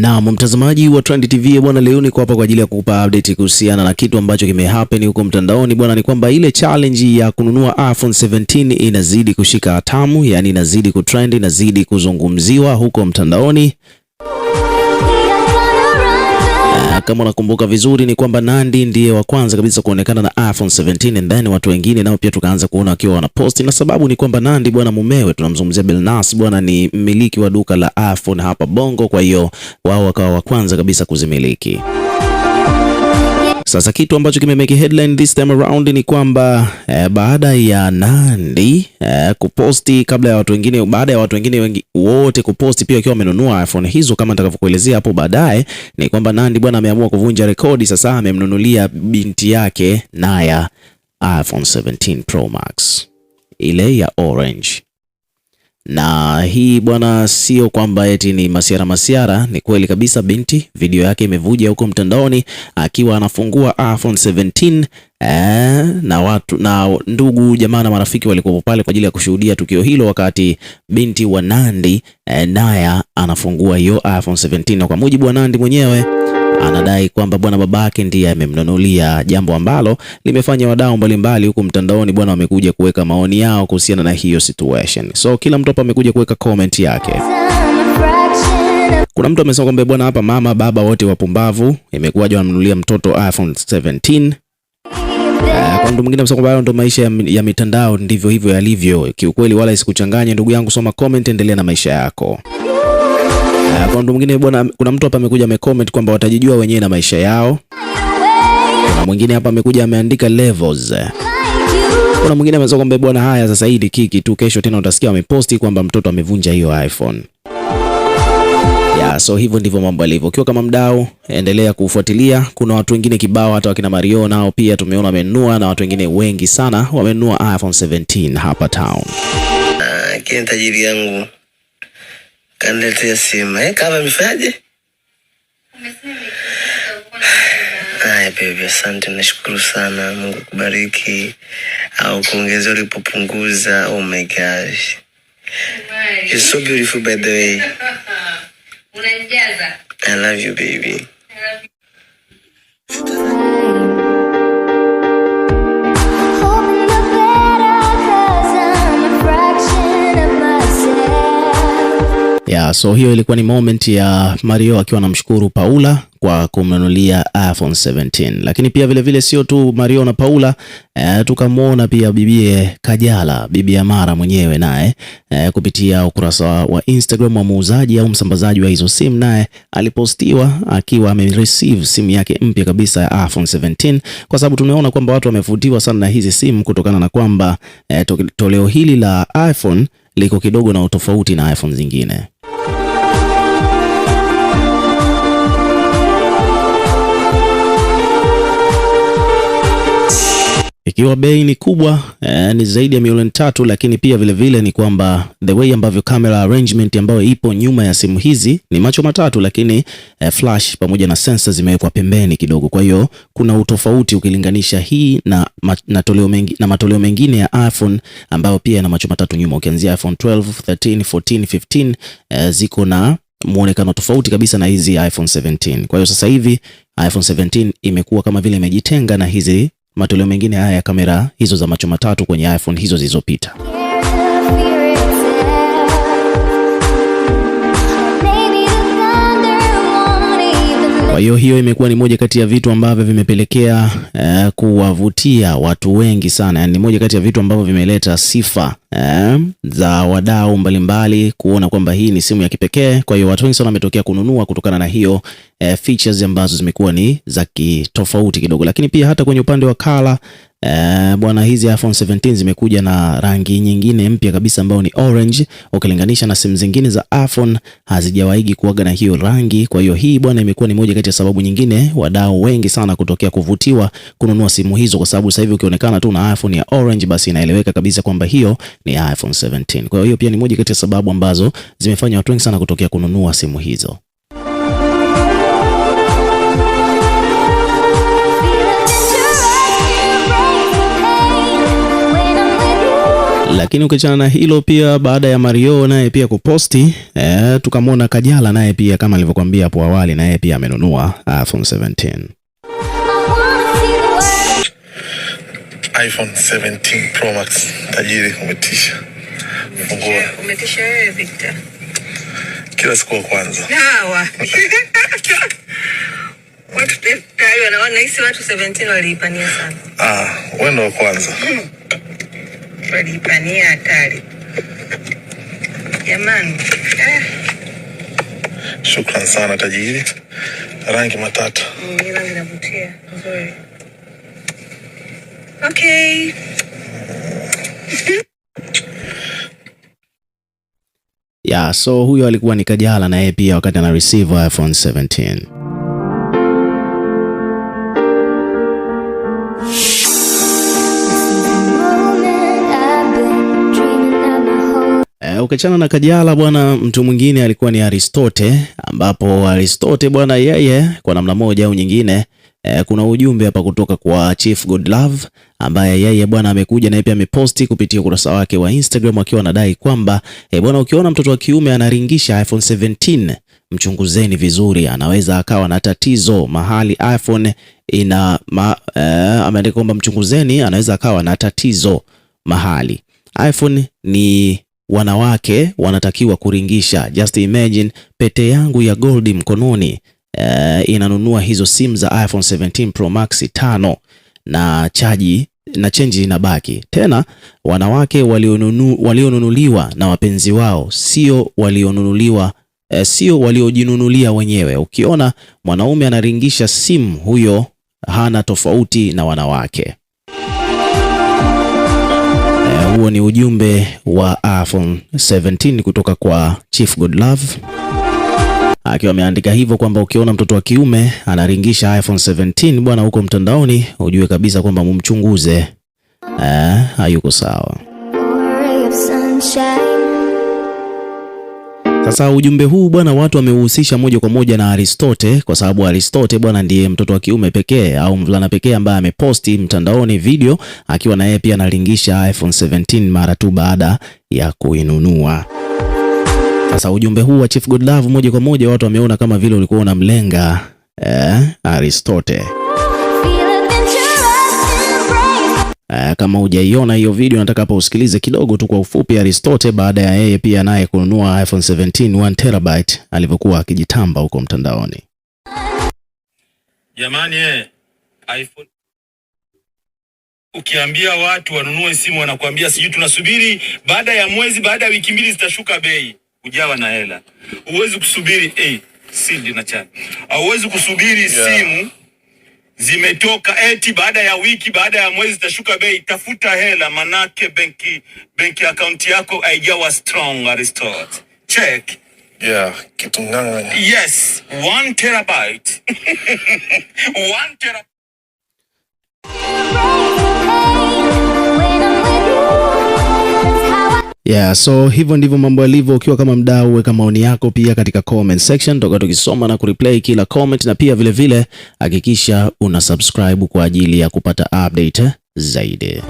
Naam, mtazamaji wa Trend TV bwana, leo niko hapa kwa ajili ya kukupa update kuhusiana na kitu ambacho kimehappen huko mtandaoni bwana. Ni kwamba ile challenge ya kununua iPhone 17 inazidi kushika hatamu, yani inazidi kutrend, inazidi kuzungumziwa huko mtandaoni kama unakumbuka vizuri, ni kwamba nandi ndiye wa kwanza kabisa kuonekana na iPhone 17 and then watu wengine nao pia tukaanza kuona wakiwa wanaposti, na sababu ni kwamba nandi bwana, mumewe tunamzungumzia Billnass bwana, ni mmiliki wa duka la iPhone hapa Bongo, kwa hiyo wao wakawa wa kwanza kabisa kuzimiliki. Sasa kitu ambacho kimemeki headline this time around ni kwamba eh, baada ya nandi eh, kuposti kabla ya watu wengine, baada ya watu wengine wengi wote kuposti pia wakiwa wamenunua iPhone hizo kama nitakavyokuelezea hapo baadaye, ni kwamba nandi bwana ameamua kuvunja rekodi. Sasa amemnunulia binti yake Naya iPhone 17 Pro Max ile ya orange na hii bwana, sio kwamba eti ni masiara masiara, ni kweli kabisa. Binti video yake imevuja huko mtandaoni akiwa anafungua iPhone 17 eh, na watu na ndugu jamaa na marafiki walikuwa pale kwa ajili ya kushuhudia tukio hilo, wakati binti wa nandi eh, naye anafungua hiyo iPhone 17, na kwa mujibu wa nandi mwenyewe Anadai kwamba bwana babake ndiye amemnunulia, jambo ambalo limefanya wadau mbalimbali huku mtandaoni bwana wamekuja kuweka maoni yao kuhusiana na hiyo situation. So kila mtu hapa amekuja kuweka comment yake. Kuna mtu amesema kwamba bwana hapa mama baba wote wapumbavu, imekuwaje wanamnunulia mtoto iPhone 17? Eh, kwa mtu mwingine amesema kwamba ndo maisha ya mitandao, ndivyo hivyo yalivyo. Kiukweli wala isikuchanganye ndugu yangu, soma comment, endelea na maisha yako. Eh, Kwa mtu mwingine bwana, kuna mtu hapa amekuja amecomment kwamba watajijua wenyewe na maisha yao. Kuna mwingine hapa amekuja ameandika levels. Kuna mwingine amesema kwamba bwana, haya sasa hii kiki tu, kesho tena utasikia wameposti kwamba mtoto amevunja hiyo iPhone. Yeah, so hivyo ndivyo mambo yalivyo. Ukiwa kama mdau, endelea kufuatilia. Kuna watu wengine kibao, hata wakina Mario nao pia tumeona wamenunua, na watu wengine wengi sana wamenua iPhone 17 hapa town. Ah, tajiri yangu kaniletea simu eh, kama imefanyaje? Haya baby, asante, nashukuru sana. Mungu kubariki au kuongeza ulipopunguza. Oh my gosh, you're so beautiful by the way. I love you baby. I love you. Yeah, so hiyo ilikuwa ni moment ya Mario akiwa anamshukuru Paula kwa kumnunulia iPhone 17, lakini pia vilevile sio tu Mario na Paula e, tukamwona pia bibie Kajala, bibi Amara mwenyewe naye e, kupitia ukurasa wa Instagram wa muuzaji au msambazaji wa hizo simu, naye alipostiwa akiwa amereceive simu yake mpya kabisa ya iPhone 17, kwa sababu tumeona kwamba watu wamevutiwa sana na hizi simu kutokana na kwamba e, toleo hili la iPhone liko kidogo na utofauti na iPhone zingine. ikiwa bei ni kubwa eh, ni zaidi ya milioni tatu, lakini pia vile vile ni kwamba the way ambavyo camera arrangement ambayo ipo nyuma ya simu hizi ni macho matatu, lakini eh, flash pamoja na sensor zimewekwa pembeni kidogo. Kwa hiyo kuna utofauti ukilinganisha hii na, matoleo mengi, na matoleo mengine ya iPhone ambayo pia yana macho matatu nyuma, ukianzia iPhone 12, 13, 14, 15 eh, ziko na muonekano tofauti kabisa na hizi iPhone 17. Kwa hiyo sasa hivi iPhone 17 imekuwa kama vile imejitenga na hizi matoleo mengine haya ya kamera hizo za macho matatu kwenye iPhone hizo zilizopita. Kwa hiyo hiyo imekuwa ni moja kati ya vitu ambavyo vimepelekea eh, kuwavutia watu wengi sana, yaani ni moja kati ya vitu ambavyo vimeleta sifa eh, za wadau mbalimbali kuona kwamba hii ni simu ya kipekee. Kwa hiyo watu wengi sana wametokea kununua kutokana na hiyo eh, features ambazo zimekuwa ni za kitofauti kidogo, lakini pia hata kwenye upande wa kala Eh, bwana hizi iPhone 17 zimekuja na rangi nyingine mpya kabisa ambayo ni orange, ukilinganisha na simu zingine za iPhone hazijawahi kuwaga na hiyo rangi. Kwa hiyo hii bwana imekuwa ni moja kati ya sababu nyingine wadau wengi sana kutokea kuvutiwa kununua simu hizo, kwa sababu sasa hivi ukionekana tu na iPhone ya orange, basi inaeleweka kabisa kwamba hiyo ni iPhone 17. Kwa hiyo hiyo pia ni moja kati ya sababu ambazo zimefanya watu wengi sana kutokea kununua simu hizo. Lakini ukiachana na hilo pia, baada ya Mario naye pia kuposti eh, tukamwona Kajala naye pia kama alivyokuambia hapo awali, naye pia amenunua iPhone 17 iPhone 17 Pro Max. Tajiri, umetisha. Umetisha wewe Victor. Kila siku kwanza. Sawa. Watu tayari wanaona hisi watu 17 waliipania sana. Ah, wewe ndo kwanza. Mm walipania hatari jamani eh. Shukran sana tajiri, rangi matatu mm, Okay. Yeah, so huyo alikuwa ni Kajala na yeye pia wakati ana receive iPhone 17. Ukiachana na Kajala bwana, mtu mwingine alikuwa ni Aristote, ambapo Aristote bwana, yeye kwa namna moja au nyingine eh, kuna ujumbe hapa kutoka kwa Chief Godlove ambaye yeye bwana amekuja na pia ameposti kupitia ukurasa wake wa Instagram akiwa anadai kwamba eh, bwana ukiona mtoto wa kiume anaringisha iPhone 17 mchunguzeni vizuri, anaweza akawa na tatizo mahali iPhone ina ma, eh, ameandika kwamba mchunguzeni, anaweza akawa na tatizo mahali iPhone ni wanawake wanatakiwa kuringisha. Just imagine pete yangu ya goldi mkononi uh, inanunua hizo simu za iPhone 17 Pro Max 5 na chaji na chenji inabaki. Tena wanawake walionunu, walionunuliwa na wapenzi wao sio walionunuliwa eh, sio waliojinunulia wenyewe. Ukiona mwanaume anaringisha simu, huyo hana tofauti na wanawake. Huo ni ujumbe wa iPhone 17 kutoka kwa Chief Godlove akiwa ameandika hivyo kwamba ukiona mtoto wa kiume anaringisha iPhone 17 bwana, huko mtandaoni ujue kabisa kwamba mumchunguze, eh, hayuko sawa. Sasa ujumbe huu bwana, watu wamehusisha moja kwa moja na Aristote, kwa sababu Aristote bwana ndiye mtoto wa kiume pekee au mvulana pekee ambaye ameposti mtandaoni video akiwa na yeye pia analingisha iPhone 17 mara tu baada ya kuinunua. Sasa ujumbe huu wa Chief Godlove moja kwa moja watu wameona kama vile ulikuwa unamlenga eh, Aristote. Uh, Kama hujaiona hiyo video, nataka hapa usikilize kidogo tu kwa ufupi Aristote, baada ya yeye pia naye kununua iPhone 17 1 terabyte alivyokuwa akijitamba huko mtandaoni. Jamani eh, iPhone ukiambia watu wanunue simu wanakuambia sijui tunasubiri baada ya mwezi, baada ya wiki mbili zitashuka bei. Ujawa na hela, Uwezi kusubiri eh, hey, sindi na chana, Auwezi kusubiri yeah. simu zimetoka eti baada ya wiki baada ya mwezi tashuka bei. Tafuta hela, manake benki benki akaunti yako haijawa strong. Aristotle check yeah, kitu yes, one terabyte one terabyte Yeah, so hivyo ndivyo mambo yalivyo. Ukiwa kama mdau, weka maoni yako pia katika comment section, toka tukisoma na kureplay kila comment, na pia vilevile hakikisha vile, una subscribe kwa ajili ya kupata update zaidi.